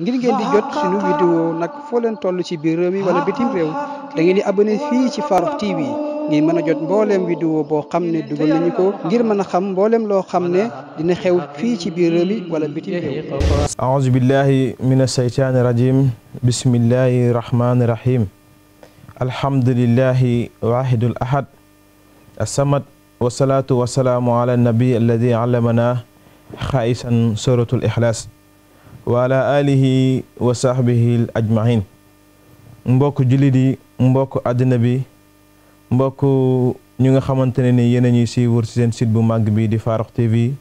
ngir ngeen di jot suñu vidéo nag foo leen toll ci biir réew mi wala bitim réew da ngeen di abonné fii ci Farokh TV ngir mën a jot mbooleem vidéo boo xam ne dugal nañu ko ngir mën a xam mbooleem loo xam ne dina xew fii ci biir réew mi wala bitim réew aouzu billahi min asheytaani rajim bismillahi rahmaani rahim alhamdulillahi wahidul ahad asamad wasalaatu wasalaamu ala nabi alladi allamana xaisan suratul ixlaas wa ala alihi wa sahbihi ajmain mbokk jullit yi mbokk àddina bi mbokk ñu nga xamante ne ni yéen a ñuy ci seen site bu màgg bi di Farokh TV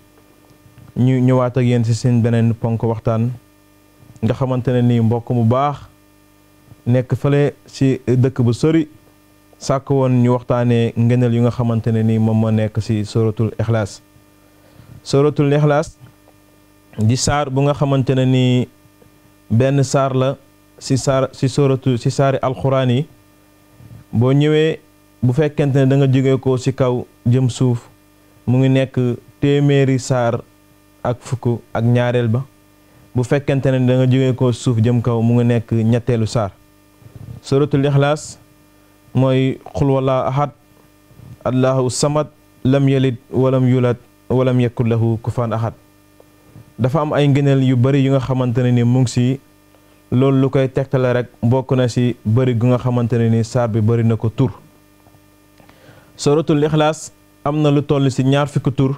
ñu ñëwaat ak yéen ci seen beneen ponk waxtaan nga xamante ne ni mbokk mu baax nekk fële ci dëkk bu sori sàkk woon ñu waxtaanee ngëneel yu nga xamante ne ni moom moo nekk ci suratul ixlaas suratul ixlaas di saar bu nga xamante ni benn saar la si sar si soratu si saari alxuraan yi boo ñëwee bu fekkente da nga ko si kaw jëm suuf mu ngi nekk téeméeri saar ak fuku ak ñaareel ba bu fekkente ne da nga jóge ko suuf jëm kaw mu ngi nekk ñetteelu saar suratul khulwala mooy xul wala ahad allahus samad lam yalid walam yulad walam yakulahu lahu kufan ahad dafa am ay ngëneel yu bari yu nga xamante ni mu ngi si loolu lu koy tegtale rek bokk na si bari gu nga xamante ni saar bi bari na ko tur suratul ixlaas amna lu toll si ñaar fukki tur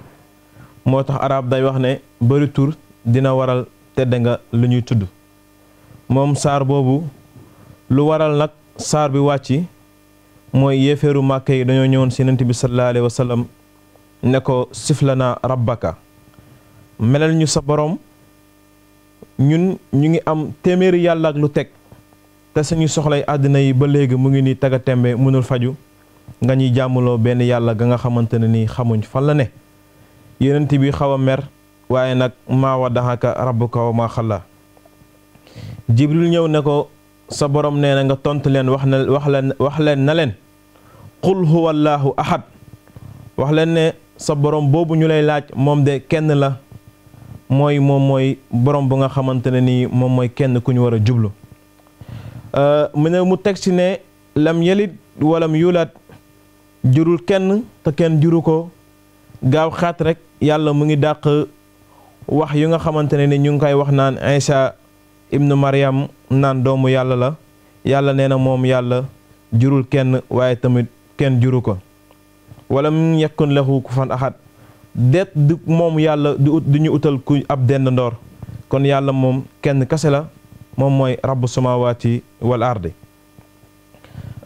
arab day wax ne bari tur dina waral tedd nga lu ñuy tudd moom saar boobu lu waral nag saar bi wàcci mooy yéeféeru màkk yi sallallahu ne ko siflana rabbaka melal ñu sa borom ñun ñu ngi am téeméeri yàlla ak lu tek te suñu soxlay adina yi ba légui mu ngi ni taga tembe mënul faju nga ñi jamulo ben yàlla ga nga xamante ni xamuñ fa la ne yenent bi xawa mer waye nak ma wadahaka rabbuka wa ma khalla jibril ñëw ne ko sa borom nee nga tontu len wax na wax len wax len na len qul huwallahu ahad wax len ne sa borom bobu ñulay laaj mom de kenn la Moy moom moy, borom bu nga xamante ne ni moom mooy kenn ku ñu war jublu euh, mu ne mu ci ne lam yelit walam yulat, jurul kenn te kenn juruko ko gaaw xaat rek yàlla mu ngi dàq wax yu nga xamante ni ñu ngi koy wax naan Isa ibnu Maryam naan doomu yalla, la yàlla nee jurul kenn waaye tamit kenn walam yakun lahu kufan ahad deet du moom yàlla di ut du ñu utal ku ab dend ndoor kon yàlla moom kenn kase la moom mooy rabbu samawaati wal ardi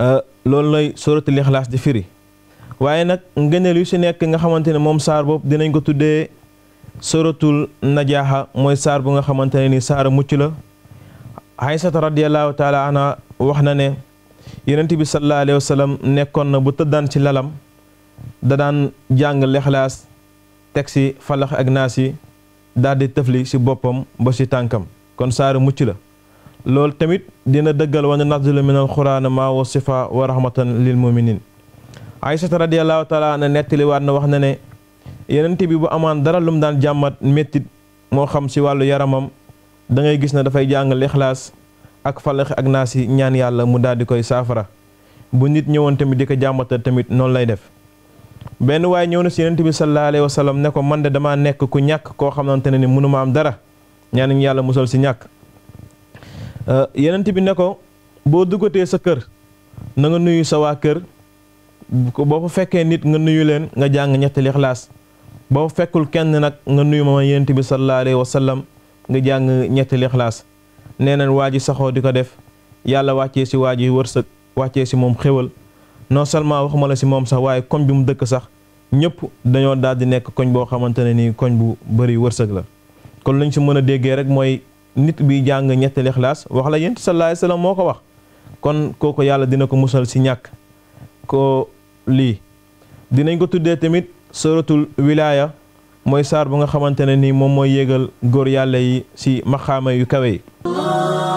euh, loolu lay suratul ixlaas di firi waaye nag ngëneel yu si nekk nga xamante ne moom saar boobu dinañ ko tuddee suratul najaaxa mooy saar bu nga xamante ne ni saara mucc la Aysata radiyallahu taala wax na ne yonent bi sallallahu alayhi wa nekkoon na bu tëddaan ci lalam da daan jàng lexlaas teg si falax ak naasi yi daal di tëfli si boppam ba si tànkam kon saaru mucc la loolu tamit dina dëggal wane nazlu min alquraan maa wa sifa wa rahmatan lil muminin aysata radiallahu taala na nettali waat na wax na ne yenent bi bu amaan dara lum daan jàmmat méttit moo xam si wàllu yaramam dangay gis ne dafay jàng lixlaas ak falax ak naas ñaan yàlla mu daal di koy saafara bu nit ñëwoon tamit di ko jàmmatal tamit noonu lay def benn waay ñëw na si yonent bi sallallahu alayhi wa ne ko man de damaa nekk ku ñàkk koo xamante ne ni mënuma am dara ñaan ñu yàlla musal si ñàkk euh, yonent bi ne ko boo duggatee sa kër na nga nuyu sa waa kër boo fa fekkee nit nga nuyu leen nga jàng ñetti lixlaas boo fekkul kenn nag nga nuyu ma yonent bi sallallahu alayhi wa sallam nga jàng ñetti lixlaas nee nañ waa ji saxoo di ko def yàlla wàccee si waa ji wërsëg wàccee si moom xéwal non seulement waxuma la si moom sax waaye koñ bi mu dëkk sax ñëpp dañoo daal di nekk koñ boo xamante ne nii koñ bu bëri wërsëg la kon lañ si mën a déggee rek mooy nit bi jàng ñetti lixlaas wax la yent sallallahu alayhi moo ko wax kon kooku yàlla dina ko musal si ñàkk ko lii dinañ ko tuddee tamit suratul wilaaya mooy saar bu nga xamante ne nii moom mooy yéegal góor yàlla yi si maxaama yu kawe yi